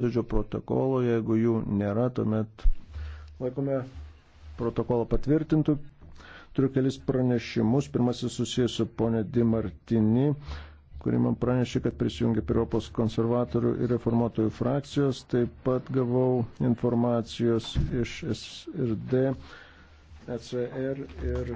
posėdžio protokolo, jeigu jų nėra, tuomet laikome protokolą patvirtintų. Turiu kelis pranešimus. Pirmasis susijęs su ponė Dimartini, kuri man pranešė, kad prisijungė prie Europos konservatorių ir reformuotojų frakcijos. Taip pat gavau informacijos iš SRD, ECR ir.